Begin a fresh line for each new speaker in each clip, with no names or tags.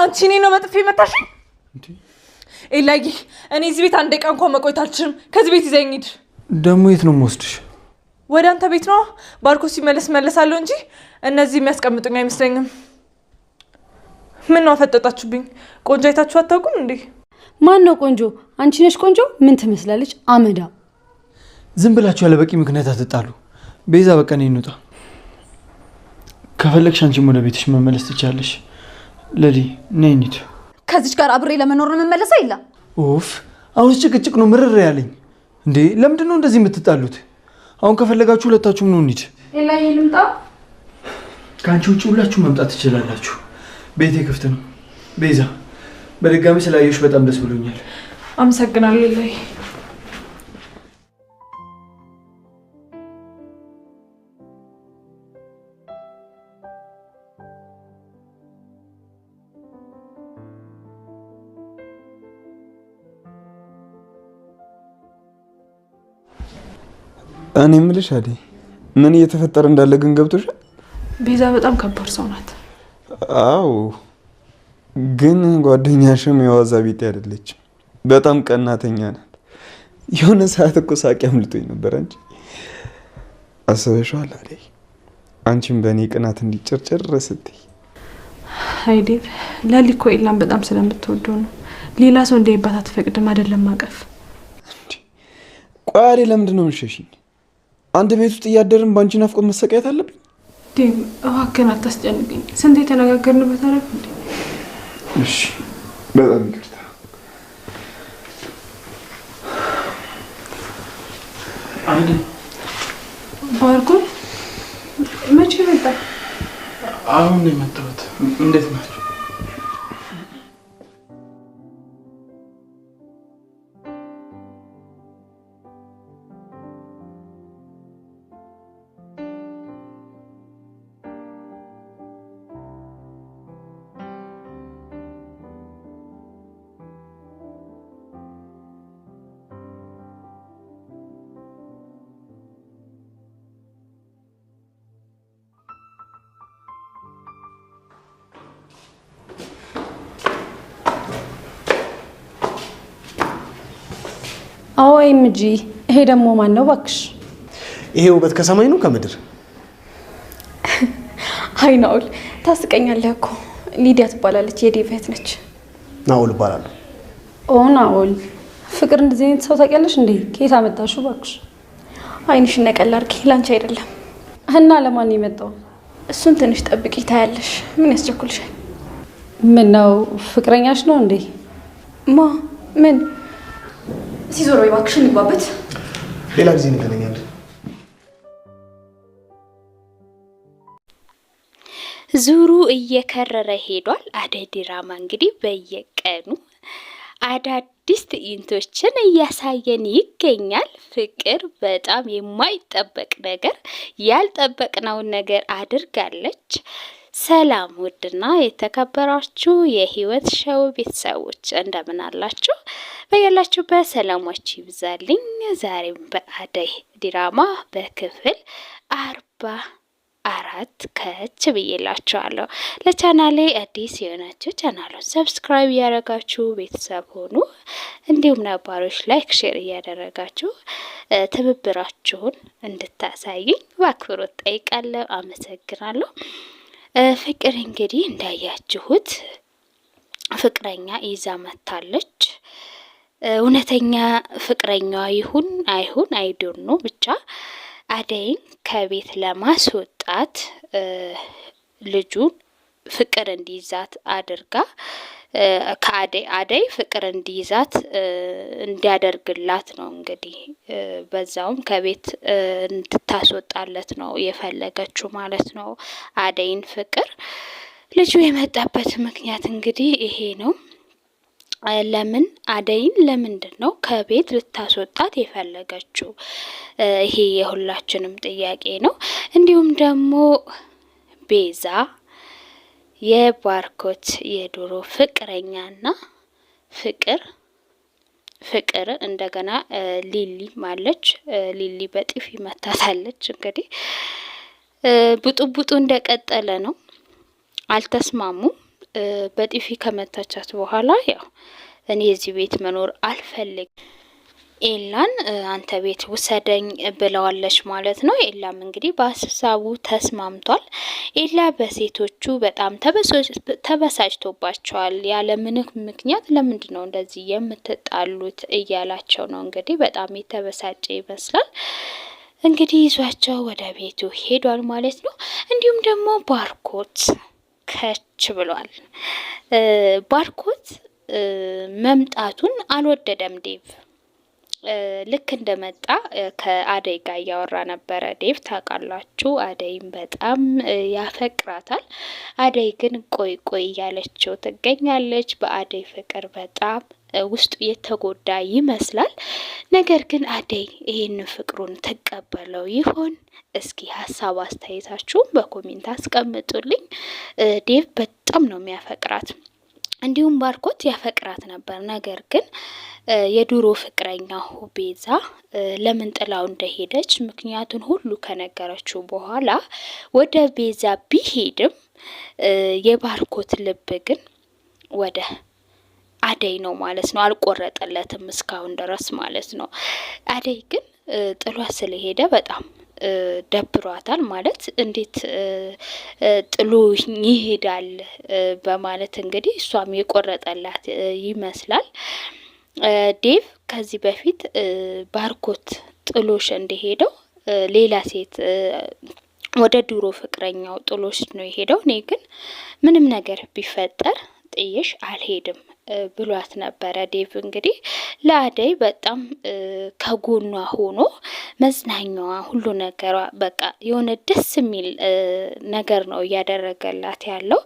አንቺ እኔ ነው መጥፌ መታሽ እንዴ? ኤላይ እኔ እዚህ ቤት አንድ ቀን እንኳን መቆየት አልችልም። ከዚህ ቤት ይዘኝ ሂድ።
ደግሞ የት ነው የምወስድሽ?
ወደ አንተ ቤት ነው። ባርኮ ሲመለስ መለሳለሁ እንጂ እነዚህ የሚያስቀምጡኝ አይመስለኝም። ምን ነው አፈጠጣችሁብኝ? ቆንጆ አይታችሁ አታውቁም እንዴ?
ማን ነው ቆንጆ? አንቺ ነሽ ቆንጆ። ምን ትመስላለች? አመዳ።
ዝም ብላችሁ ያለ በቂ ምክንያት አትጣሉ። ቤዛ፣ በቃ እኔ እንውጣ። ከፈለግሽ አንቺም ወደ ቤትሽ መመለስ ትችላለሽ። ለዲ ነኝት
ከዚች ጋር አብሬ ለመኖር የምመለሰው የለም።
ኡፍ አሁንስ ጭቅጭቅ ነው ምርር ያለኝ። እንዴ ለምንድን ነው እንደዚህ የምትጣሉት? አሁን ከፈለጋችሁ ሁለታችሁም ነው እንሂድ።
ሌላ ልምጣ።
ከአንቺ ውጭ ሁላችሁ መምጣት ትችላላችሁ። ቤቴ ክፍት ነው። ቤዛ፣ በድጋሚ ስላየሁሽ በጣም ደስ ብሎኛል።
አመሰግናለሁ ሌላይ
እኔ የምልሽ አይደል ምን እየተፈጠረ እንዳለ ግን ገብቶሻል?
ቤዛ በጣም ከባድ ሰው ናት።
አዎ፣ ግን ጓደኛሽም የዋዛ ቢጤ አይደለችም። በጣም ቀናተኛ ናት። የሆነ ሰዓት እኮ ሳቂ አምልጦኝ ነበር። እንጂ አስበሽዋል አይደል? አንቺም በእኔ ቅናት እንዲጨርጨር ስትይ
አይዴል። ለሊ እኮ ኤላን በጣም ስለምትወደው ነው። ሌላ ሰው እንዲያይባት አትፈቅድም። አይደለም አቀፍ።
ቆይ አይደል፣ ለምንድን ነው የምትሸሽኝ? አንድ ቤት ውስጥ እያደርን በአንቺ ናፍቆት መሰቃየት አለብኝ?
ዴም እባክህን አታስጨንቅኝ። ስንት የተነጋገርንበት አለ።
እሺ በጣም ይቅርታ። አንድ
ባርኮን መቼ መጣ?
አሁን ነው የመጣሁት። እንዴት ናቸው?
አዎ ኤምጂ፣ ይሄ ደግሞ ማን ነው እባክሽ?
ይሄ ውበት ከሰማይ ነው ከምድር?
አይ ናኦል፣ ታስቀኛለህ እኮ። ሊዲያ ትባላለች፣ የዴቭ እህት ነች።
ናኦል እባላለሁ።
ኦ ናኦል፣ ፍቅር እንደዚህ አይነት ሰው ታውቂያለሽ እንዴ? ከየት አመጣሽው እባክሽ?
አይንሽ ነቀል አድርጊ፣ ላንቺ አይደለም።
እና ለማን የመጣው?
እሱን ትንሽ ጠብቂ ታያለሽ። ምን ያስቸኩልሻል?
ምን ነው ፍቅረኛሽ ነው እንዴ? ማ ምን
እዚህ ዞሮ እባክሽን እንግባበት።
ሌላ ጊዜ እንገናኛለን።
ዙሩ እየከረረ ሄዷል። አደይ ድራማ እንግዲህ በየቀኑ አዳዲስ ትዕይንቶችን እያሳየን ይገኛል። ፍቅር በጣም የማይጠበቅ ነገር ያልጠበቅነውን ነገር አድርጋለች። ሰላም ውድና የተከበራችሁ የህይወት ሸው ቤተሰቦች እንደምን አላችሁ? በያላችሁ በሰላማችሁ ይብዛልኝ። ዛሬም በአደይ ድራማ በክፍል አርባ አራት ከች ብዬላችኋለሁ። ለቻናሌ አዲስ የሆናችሁ ቻናሉን ሰብስክራይብ እያደረጋችሁ ቤተሰብ ሆኑ። እንዲሁም ነባሮች ላይክ፣ ሼር እያደረጋችሁ ትብብራችሁን እንድታሳዩኝ በአክብሮት ጠይቃለሁ። አመሰግናለሁ። ፍቅር እንግዲህ እንዳያችሁት ፍቅረኛ ይዛ መታለች። እውነተኛ ፍቅረኛዋ ይሁን አይሁን አይዶኖ ብቻ አደይን ከቤት ለማስወጣት ልጁን ፍቅር እንዲይዛት አድርጋ ከአደይ አደይ ፍቅር እንዲይዛት እንዲያደርግላት ነው እንግዲህ በዛውም ከቤት እንድታስወጣለት ነው የፈለገችው ማለት ነው። አደይን ፍቅር ልጁ የመጣበት ምክንያት እንግዲህ ይሄ ነው። ለምን አደይን ለምንድን ነው ከቤት ልታስወጣት የፈለገችው? ይሄ የሁላችንም ጥያቄ ነው። እንዲሁም ደግሞ ቤዛ የባርኮት የድሮ ፍቅረኛና ፍቅር ፍቅር እንደገና ሊሊ ማለች። ሊሊ በጥፊ መታታለች። እንግዲህ ቡጡቡጡ እንደቀጠለ ነው። አልተስማሙም። በጥፊ ከመታቻት በኋላ ያው እኔ የዚህ ቤት መኖር አልፈልግም ኤላን አንተ ቤት ውሰደኝ ብለዋለች ማለት ነው። ኤላም እንግዲህ በሀሳቡ ተስማምቷል። ኤላ በሴቶቹ በጣም ተበሳጭቶባቸዋል። ያለ ምክንያት ለምንድን ነው እንደዚህ የምትጣሉት እያላቸው ነው እንግዲህ በጣም የተበሳጨ ይመስላል። እንግዲህ ይዟቸው ወደ ቤቱ ሄዷል ማለት ነው። እንዲሁም ደግሞ ባርኮት ከች ብሏል። ባርኮት መምጣቱን አልወደደም ዴቭ ልክ እንደመጣ ከአደይ ጋር እያወራ ነበረ ዴቭ። ታውቃላችሁ አደይም በጣም ያፈቅራታል። አደይ ግን ቆይ ቆይ እያለችው ትገኛለች። በአደይ ፍቅር በጣም ውስጡ የተጎዳ ይመስላል። ነገር ግን አደይ ይህን ፍቅሩን ትቀበለው ይሆን? እስኪ ሀሳብ አስተያየታችሁን በኮሜንት አስቀምጡልኝ። ዴቭ በጣም ነው የሚያፈቅራት። እንዲሁም ባርኮት ያፈቅራት ነበር። ነገር ግን የድሮ ፍቅረኛው ቤዛ ለምን ጥላው እንደሄደች ምክንያቱን ሁሉ ከነገረችው በኋላ ወደ ቤዛ ቢሄድም የባርኮት ልብ ግን ወደ አደይ ነው ማለት ነው። አልቆረጠለትም እስካሁን ድረስ ማለት ነው። አደይ ግን ጥሏት ስለሄደ በጣም ደብሯታል። ማለት እንዴት ጥሎ ይሄዳል በማለት እንግዲህ እሷም የቆረጠላት ይመስላል። ዴቭ ከዚህ በፊት ባርኮት ጥሎሽ እንደሄደው ሌላ ሴት ወደ ድሮ ፍቅረኛው ጥሎሽ ነው የሄደው። እኔ ግን ምንም ነገር ቢፈጠር ጥዬሽ አልሄድም ብሏት ነበረ። ዴቭ እንግዲህ ለአደይ በጣም ከጎኗ ሆኖ መዝናኛዋ፣ ሁሉ ነገሯ በቃ የሆነ ደስ የሚል ነገር ነው እያደረገላት ያለው።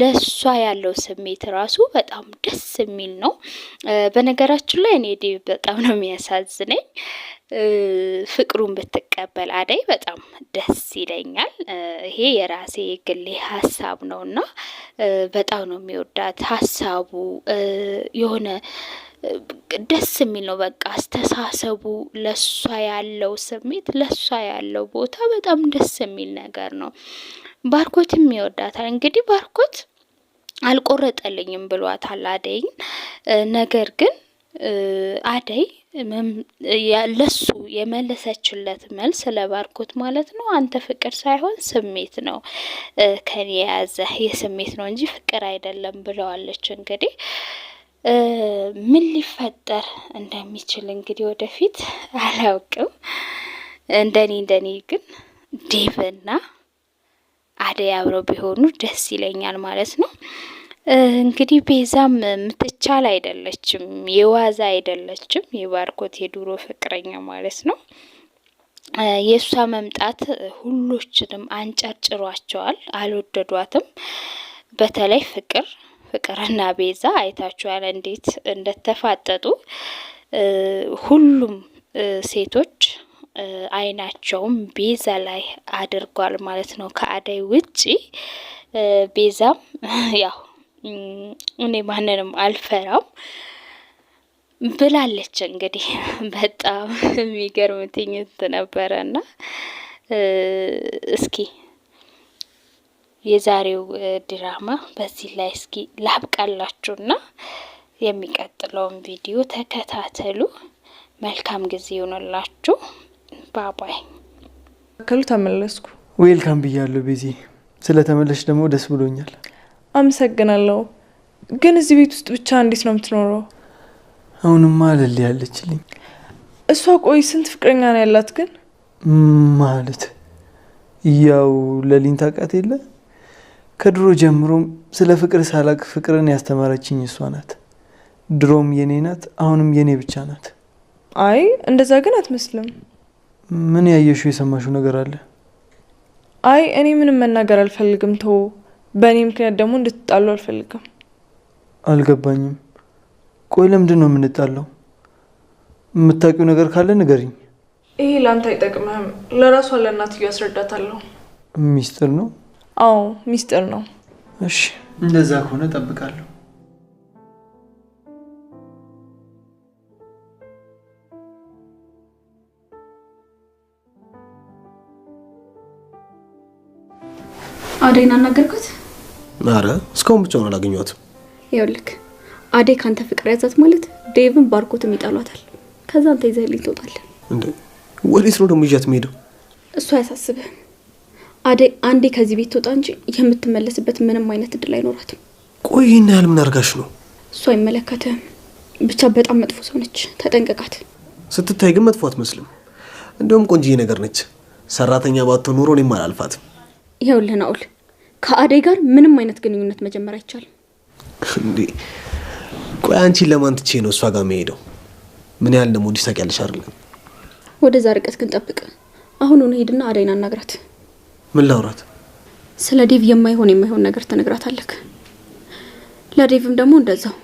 ለሷ ያለው ስሜት ራሱ በጣም ደስ የሚል ነው። በነገራችን ላይ እኔ ዴቭ በጣም ነው የሚያሳዝነኝ። ፍቅሩን ብትቀበል አደይ በጣም ደስ ይለኛል። ይሄ የራሴ ግሌ ሀሳብ ነው እና በጣም ነው የሚወዳት ሀሳቡ የሆነ ደስ የሚል ነው። በቃ አስተሳሰቡ፣ ለሷ ያለው ስሜት፣ ለሷ ያለው ቦታ በጣም ደስ የሚል ነገር ነው። ባርኮትም ይወዳታል። እንግዲህ ባርኮት አልቆረጠልኝም ብሏታል አደይን ነገር ግን አደይ ለሱ የመለሰችለት መልስ ለባርኮት ማለት ነው። አንተ ፍቅር ሳይሆን ስሜት ነው ከኔ የያዘ የስሜት ነው እንጂ ፍቅር አይደለም ብለዋለች። እንግዲህ ምን ሊፈጠር እንደሚችል እንግዲህ ወደፊት አላውቅም። እንደኔ እንደኔ ግን ዴቭና አደይ አብረው ቢሆኑ ደስ ይለኛል ማለት ነው። እንግዲህ ቤዛም ምትቻል አይደለችም፣ የዋዛ አይደለችም። የባርኮት የድሮ ፍቅረኛ ማለት ነው። የእሷ መምጣት ሁሎችንም አንጨርጭሯቸዋል። አልወደዷትም። በተለይ ፍቅር ፍቅርና ቤዛ አይታችኋል እንዴት እንደተፋጠጡ። ሁሉም ሴቶች አይናቸውም ቤዛ ላይ አድርጓል ማለት ነው። ከአደይ ውጪ ቤዛም ያው እኔ ማንንም አልፈራም ብላለች። እንግዲህ በጣም የሚገርም ትዕይንት ነበረና እስኪ የዛሬው ድራማ በዚህ ላይ እስኪ ላብቃላችሁና የሚቀጥለውን ቪዲዮ ተከታተሉ። መልካም ጊዜ ይሆንላችሁ። ባባይ
ከሉ ተመለስኩ።
ዌልካም ብያለሁ ቤዚ። ስለተመለሽ ደግሞ ደስ ብሎኛል።
አመሰግናለሁ። ግን እዚህ ቤት ውስጥ ብቻ እንዴት ነው የምትኖረው?
አሁንማ አለል ያለችልኝ
እሷ። ቆይ ስንት ፍቅረኛ ነው ያላት? ግን
ማለት ያው ለሊን ታውቃት የለ ከድሮ ጀምሮም ስለ ፍቅር ሳላቅ ፍቅርን ያስተማረችኝ እሷ ናት። ድሮም የኔ ናት፣ አሁንም የኔ ብቻ ናት።
አይ እንደዛ ግን አትመስልም።
ምን ያየሽው የሰማሽው ነገር አለ?
አይ እኔ ምንም መናገር አልፈልግም። ተው? በእኔ ምክንያት ደግሞ እንድትጣሉ አልፈልግም።
አልገባኝም። ቆይ ለምንድን ነው የምንጣለው? የምታውቂው ነገር ካለ ንገሪኝ።
ይሄ ለአንተ አይጠቅምህም። ለራሷ ለእናትዬ አስረዳታለሁ። ሚስጥር ነው? አዎ ሚስጥር ነው።
እሺ እንደዛ ከሆነ እጠብቃለሁ።
አደይን አናገርኩት።
አረ እስካሁን ብቻውን አላገኘኋትም።
ይኸውልህ አዴ ካንተ ፍቅር ያዛት ማለት ዴቭን ባርኮትም ይጠሏታል። ከዛ አንተ ይዘህልኝ ትወጣለህ።
እንዴ ወዴት ነው ደግሞ ይዣት የምሄደው?
እሱ አያሳስብህም። አዴ አንዴ ከዚህ ቤት ትወጣ እንጂ የምትመለስበት ምንም አይነት እድል አይኖራትም።
ቆይ ይህን ያህል ምን አድርጋሽ ነው?
እሱ አይመለከትህም። ብቻ በጣም መጥፎ ሰው ነች፣ ተጠንቀቃት።
ስትታይ ግን መጥፎ አትመስልም፣ እንዲሁም ቆንጅዬ ነገር ነች። ሰራተኛ ባትሆን ኑሮ እኔም አላልፋትም።
ይኸውልህ ናኦል ከአደይ ጋር ምንም አይነት ግንኙነት መጀመር አይቻልም።
እንዴ ቆይ አንቺን ለማን ትቼ ነው እሷ ጋር መሄደው? ምን ያህል ደሞ እንዲሳቅ ያለሽ አይደለም።
ወደዛ ርቀት ግን ጠብቅ። አሁን ሆነ ሄድና አደይን አናግራት። ምን ላውራት? ስለ ዴቭ የማይሆን የማይሆን ነገር ትነግራታለክ። ለዴቭም ደግሞ እንደዛው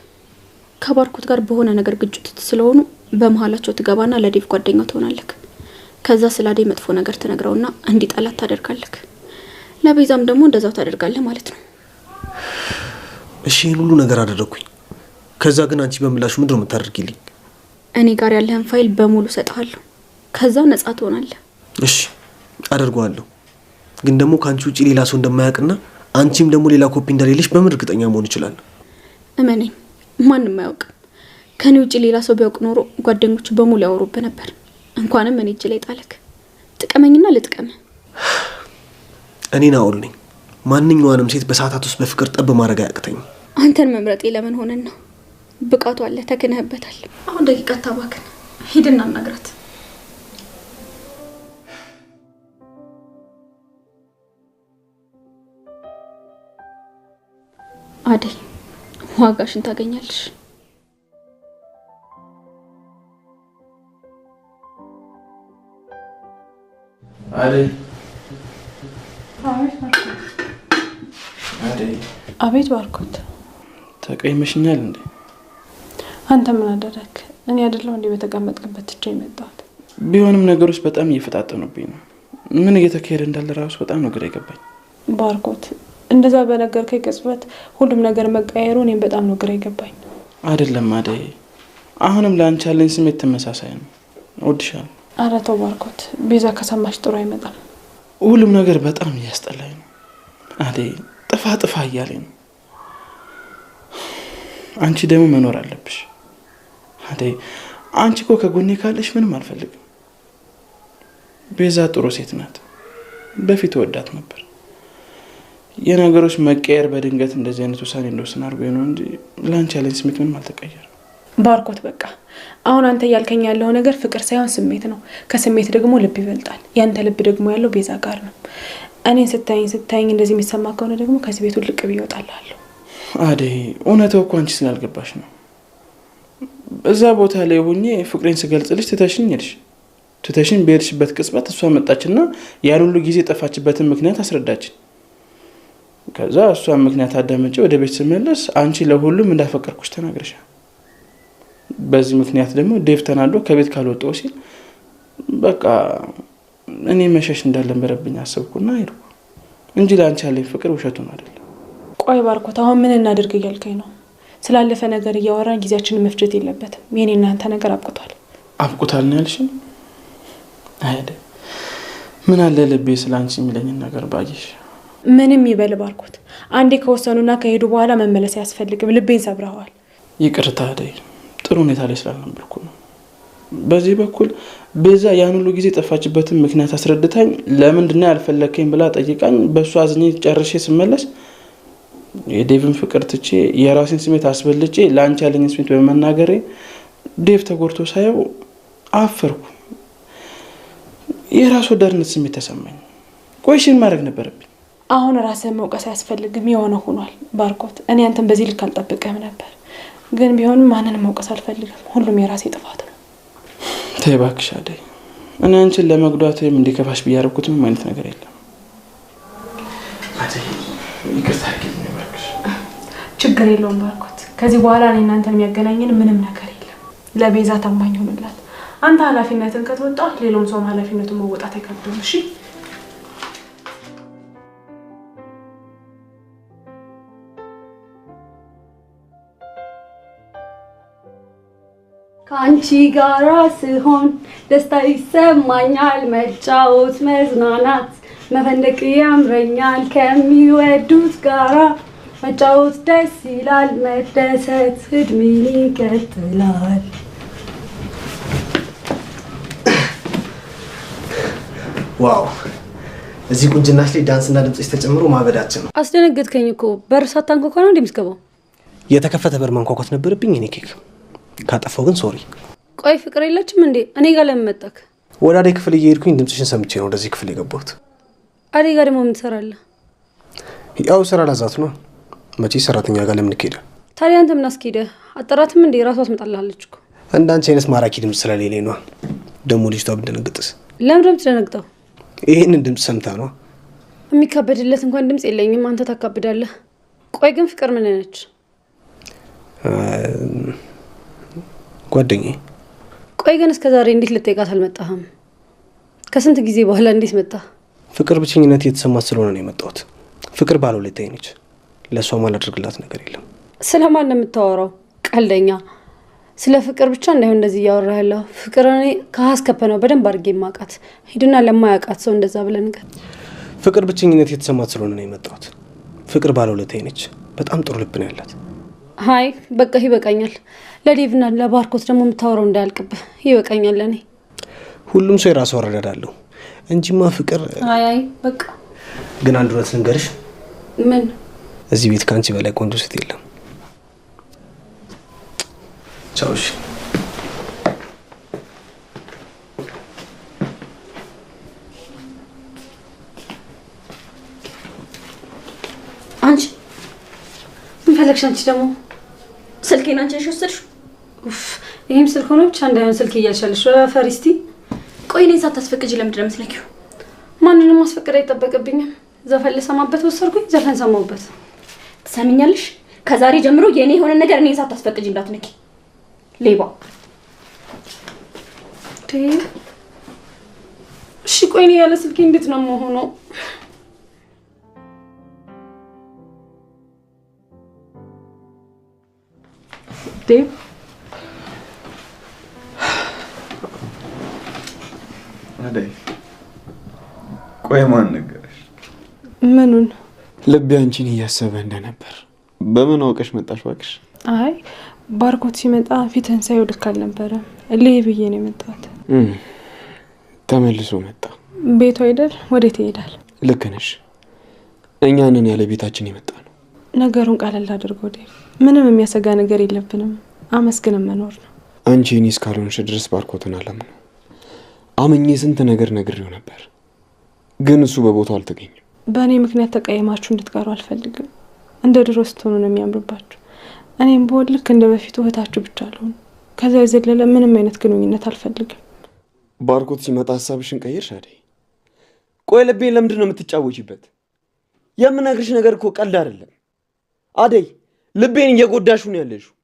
ከባርኮት ጋር በሆነ ነገር ግጭት ስለሆኑ በመሀላቸው ትገባና ለዴቭ ጓደኛው ትሆናለክ። ከዛ ስለ አደይ መጥፎ ነገር ትነግረውና እንዲጠላት ታደርጋለክ። ለቤዛም ደግሞ እንደዛው ታደርጋለህ ማለት ነው።
እሺ ይህን ሁሉ ነገር አደረግኩኝ። ከዛ ግን አንቺ በምላሹ ምንድን ነው የምታደርጊልኝ?
እኔ ጋር ያለህን ፋይል በሙሉ ሰጥሃለሁ። ከዛ ነጻ ትሆናለህ።
እሺ አደርገዋለሁ። ግን ደግሞ ከአንቺ ውጭ ሌላ ሰው እንደማያውቅና አንቺም ደግሞ ሌላ ኮፒ እንደሌለሽ በምን እርግጠኛ መሆን ይችላል?
እመነኝ፣ ማንም አያውቅም። ከኔ ውጭ ሌላ ሰው ቢያውቅ ኖሮ ጓደኞቹ በሙሉ ያወሩብህ ነበር። እንኳንም እኔ እጅ ላይ ጣለክ። ጥቀመኝና ልጥቀምህ
እኔ ናኦል ነኝ። ማንኛዋንም ሴት በሰዓታት ውስጥ በፍቅር ጠብ ማድረግ አያቅተኝ።
አንተን መምረጤ ለምን ሆነን ነው? ብቃቱ አለ፣ ተክነህበታል። አሁን ደቂቃ ታባክን፣ ሂድና እናግራት። አደይ ዋጋሽን ታገኛለሽ። አደይ አቤት ባርኮት፣
ተቀይመሽኛል እንዴ?
አንተ ምን አደረክ? እኔ አይደለሁ እንዴ በተቀመጥክበት ትቼ የመጣሁት?
ቢሆንም ነገሮች በጣም እየፈጣጠኑብኝ ነው። ምን እየተካሄደ እንዳለ ራሱ በጣም ነው ግራ
ባርኮት፣ እንደዛ በነገር ቅጽበት ሁሉም ነገር መቀየሩ እኔም በጣም ነው ግራ የገባኝ።
አይደለም አደይ፣ አሁንም ለአንቺ ያለኝ ስሜት ተመሳሳይ ነው። ወድሻል
አረተው ባርኮት፣ ቤዛ ከሰማሽ ጥሩ አይመጣም።
ሁሉም ነገር በጣም እያስጠላኝ ነው። አዴ ጥፋ ጥፋ እያለኝ ነው። አንቺ ደግሞ መኖር አለብሽ አዴ አንቺ እኮ ከጎኔ ካለሽ ምንም አልፈልግም። ቤዛ ጥሩ ሴት ናት። በፊት ወዳት ነበር። የነገሮች መቀየር በድንገት እንደዚህ አይነት ውሳኔ እንደወስን አድርጎ ነው እንጂ ለአንቺ ያለኝ ስሜት ምንም አልተቀየርም።
ባርኮት በቃ አሁን አንተ እያልከኝ ያለው ነገር ፍቅር ሳይሆን ስሜት ነው። ከስሜት ደግሞ ልብ ይበልጣል። ያንተ ልብ ደግሞ ያለው ቤዛ ጋር ነው። እኔን ስታይኝ ስታይኝ እንደዚህ የሚሰማ ከሆነ ደግሞ ከዚህ ቤቱ ልቅ ብዬ እወጣለሁ።
አደይ እውነት እኮ አንቺ ስላልገባሽ ነው። እዛ ቦታ ላይ ሆኜ ፍቅሬን ስገልጽልሽ ትተሽኝ ሄድሽ። ትተሽኝ በሄድሽበት ቅጽበት እሷ መጣችና ያን ሁሉ ጊዜ ጠፋችበትን ምክንያት አስረዳችን። ከዛ እሷን ምክንያት አዳመጪ ወደ ቤት ስመለስ አንቺ ለሁሉም እንዳፈቀርኩች ተናግረሻል። በዚህ ምክንያት ደግሞ ዴቭ ተናዶ ከቤት ካልወጣው ሲል በቃ እኔ መሸሽ እንዳልነበረብኝ አሰብኩና ሄድኩ እንጂ ለአንቺ ያለኝ ፍቅር ውሸቱን አይደለም።
ቆይ ባርኮት፣ አሁን ምን እናድርግ እያልከኝ ነው? ስላለፈ ነገር እያወራን ጊዜያችንን መፍጀት የለበትም። የኔ እናንተ ነገር አብቅቷል።
አብቁታል ነው ያልሽኝ? አይደ ምን አለ ልቤ ስለ አንቺ የሚለኝን ነገር ባየሽ።
ምንም ይበል ባርኮት፣ አንዴ ከወሰኑና ከሄዱ በኋላ መመለስ አያስፈልግም። ልቤን ሰብረዋል።
ይቅርታ አደይ ጥሩ ሁኔታ ላይ ስላልነበርኩ ነው። በዚህ በኩል ቤዛ ያን ሁሉ ጊዜ ጠፋችበትን ምክንያት አስረድታኝ ለምንድና ያልፈለከኝ ብላ ጠይቃኝ በእሱ አዝኝ ጨርሼ ስመለስ የዴቭን ፍቅር ትቼ የራሴን ስሜት አስበልጬ ለአንቺ ያለኝ ስሜት በመናገሬ ዴቭ ተጎድቶ ሳየው አፈርኩ። የራስ ወዳድነት ስሜት ተሰማኝ። ቆይሽን ማድረግ ነበረብኝ።
አሁን ራስን መውቀስ አያስፈልግም። የሆነ ሆኗል። ባርኮት፣ እኔ አንተን በዚህ ልክ አልጠብቅህም ነበር ግን ቢሆንም ማንንም መውቀስ አልፈልግም። ሁሉም የራሴ ጥፋት ነው።
ተይ እባክሽ አደይ፣ እኔ አንቺን ለመጉዳት ወይም እንዲከፋሽ ብያደረኩት ምንም አይነት ነገር የለም።
ችግር የለውም ባልኩት። ከዚህ በኋላ እኔ እናንተ የሚያገናኝን ምንም ነገር የለም። ለቤዛ ታማኝ ሆንላት። አንተ ኃላፊነትን ከተወጣ ሌላውም ሰውም ኃላፊነቱን መወጣት አይከብድም። እሺ ከአንቺ ጋራ ስሆን ደስታ ይሰማኛል፣ መጫወት፣ መዝናናት፣ መፈንደቅ ያምረኛል። ከሚወዱት ጋራ መጫወት ደስ ይላል፣ መደሰት እድሜን ይቀጥላል።
ዋው! እዚህ ቁንጅናሽ ላይ ዳንስና ድምፅሽ ተጨምሮ ማበዳችን ነው።
አስደነገጥከኝ እኮ በር ሳታንኳኳ ነው እንደሚስገባው
የተከፈተ በር ማንኳኳት ነበረብኝ እኔ ኬክ ካጠፋው ግን ሶሪ።
ቆይ ፍቅር የለችም እንዴ? እኔ ጋር ለምን መጣክ?
ወደ አዴ ክፍል እየሄድኩኝ ድምፅሽን ሰምቼ ነው ወደዚህ ክፍል የገባሁት።
አዴ ጋር ደግሞ ምን ትሰራለህ?
ያው ስራ ላዛት ነው። መቼ ሰራተኛ ጋር ለምን ከሄደ?
ታዲያ አንተ ምን አስኬደ አጠራትም እንዴ? ራሷ ትመጣልሃለች እኮ።
አይነት ማራኪ ድምፅ ስለሌለኝ ነዋ። ደግሞ ልጅቷ ብትደነግጥስ?
ለምን ደምት ደነግጠው?
ይህንን ድምፅ ሰምታ ነዋ።
የሚካበድለት እንኳን ድምፅ የለኝም። አንተ ታካብዳለህ። ቆይ ግን ፍቅር ምን ነች? ጓደኛዬ። ቆይ ግን እስከ ዛሬ እንዴት ልጠይቃት አልመጣህም? ከስንት ጊዜ በኋላ እንዴት መጣ?
ፍቅር ብቸኝነት እየተሰማት ስለሆነ ነው የመጣሁት። ፍቅር ባለውለታዬ ነች። ለእሷ ማላደርግላት ነገር የለም።
ስለማን ነው የምታወራው? ቀልደኛ። ስለ ፍቅር ብቻ እንዳይሆን እንደዚህ እያወራ ያለው ፍቅር እኔ ከሀስከፐ ነው በደንብ አድርጌ የማውቃት። ሂድና ለማያውቃት ሰው እንደዛ ብለን ንገር።
ፍቅር ብቸኝነት የተሰማት ስለሆነ ነው የመጣሁት። ፍቅር ባለውለታዬ ነች። በጣም ጥሩ ልብ ነው ያላት።
ሀይ በቃ ይበቃኛል። ለዴቭና ለባርኮት ደግሞ የምታወረው እንዳያልቅብህ ይበቃኛል። እኔ
ሁሉም ሰው የራሱ አረዳድ አለው እንጂማ ፍቅር።
አይ አይ በቃ
ግን አንድ እውነት ልንገርሽ። ምን? እዚህ ቤት ከአንቺ በላይ ቆንጆ ሴት የለም። ቻውሽ
አንቺ ምን ፈለግሽ? አንቺ ደግሞ ስልኬን አንቺ ነሽ ወሰድሽው። ይህም ስልክ ሆኖ ብቻ እንዳይሆን ስልክ እያልሻለሽ ፈሪስቲ። ቆይ እኔን ሳታስፈቅጂ ለምንድን ነው የምትለኪው? ማንንም ማስፈቀድ አይጠበቅብኝም። ዘፈን ልሰማበት ወሰድኩኝ፣ ዘፈን ሰማሁበት። ትሰሚኛለሽ? ከዛሬ ጀምሮ የእኔ የሆነ ነገር እኔን ሳታስፈቅጂ እንዳትነኪ ሌባ። እሺ ቆይ እኔ ያለ ስልኬ እንዴት ነው የምሆነው? ዴቭ
ቆይ ማን ነገረሽ? ምኑን? ልቤ አንቺን እያሰበ እንደነበር በምን አውቀሽ መጣሽ? እባክሽ።
አይ ባርኮት ሲመጣ ፊትህን ሳይው ልክ አልነበረም። ልይ ብዬ ነው የመጣሁት።
ተመልሶ መጣ።
ቤቱ አይደል? ወዴት ይሄዳል?
ልክ ነሽ። እኛንን ያለ ቤታችን የመጣ ነው።
ነገሩን ቀለል አድርጎ ዴቭ። ምንም የሚያሰጋ ነገር የለብንም። አመስግንም መኖር ነው።
አንቺ እኔ እስካልሆንሽ ድረስ ባርኮትን አለም ነው አምኜ ስንት ነገር ነግሬው ነበር፣ ግን እሱ በቦታው አልተገኘም።
በእኔ ምክንያት ተቀየማችሁ እንድትቀሩ አልፈልግም። እንደ ድሮ ስትሆኑ ነው የሚያምርባችሁ። እኔም በወድ ልክ እንደ በፊቱ እህታችሁ ብቻ አልሆን፣ ከዚያ የዘለለ ምንም አይነት ግንኙነት አልፈልግም።
ባርኮት ሲመጣ ሀሳብሽን ቀይርሽ አደይ። ቆይ ልቤን ለምንድን ነው የምትጫወችበት? የምነግርሽ ነገር እኮ ቀልድ አይደለም አደይ። ልቤን እየጎዳሽ ነው ያለሽው።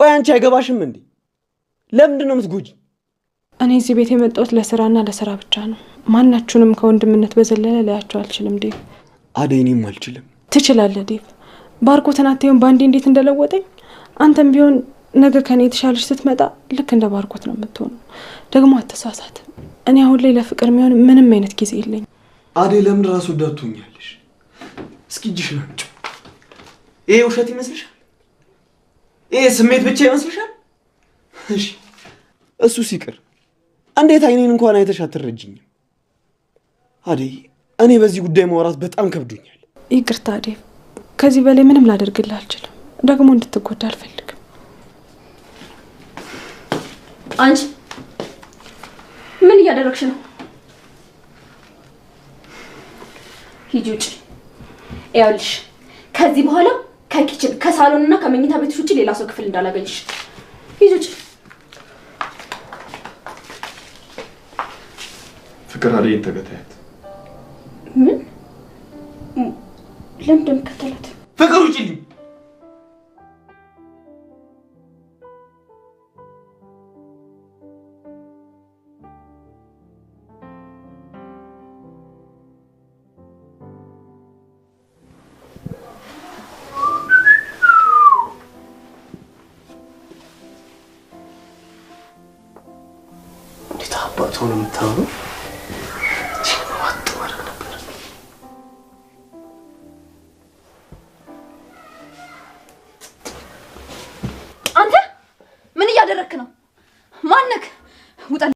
ቆይ አንቺ አይገባሽም እንዴ? ለምንድን ነው የምትጎጂ?
እኔ እዚህ ቤት የመጣሁት ለስራና ለስራ ብቻ ነው። ማናችሁንም ከወንድምነት በዘለለ ላያቸው አልችልም ዴቭ።
አደይ አልችልም።
ትችላለህ ዴቭ። ባርኮትን አታየውም በአንዴ እንዴት እንደለወጠኝ። አንተም ቢሆን ነገ ከኔ የተሻለች ስትመጣ ልክ እንደ ባርኮት ነው የምትሆነው። ደግሞ አተሳሳት። እኔ አሁን ላይ ለፍቅር የሚሆን ምንም አይነት ጊዜ የለኝም።
አደይ ለምን ራሱ ወዳድ ትሆኛለሽ? እስኪ እጅሽን አምጪው። ይሄ ውሸት ይመስልሻል? ይሄ ስሜት ብቻ ይመስልሻል? እሺ እሱ ሲቅር እንዴት አይኔን እንኳን አይተሽ አትረጅኝም? አደይ፣ እኔ በዚህ ጉዳይ ማውራት በጣም ከብዶኛል።
ይቅርታ አደይ፣ ከዚህ በላይ ምንም ላደርግልህ አልችልም። ደግሞ እንድትጎዳ አልፈልግም። አንቺ ምን እያደረግሽ ነው? ሂጂ ውጭ። ይኸውልሽ ከዚህ በኋላ ከኪችን ከሳሎንና ከመኝታ ቤቶች ውጭ ሌላ ሰው ክፍል እንዳላገኝሽ። ሂጂ ውጭ።
ፍቅር አደይን ተከታያት።
ምን? ለምን እንደምከተላት
ፍቅር ውጭልኝ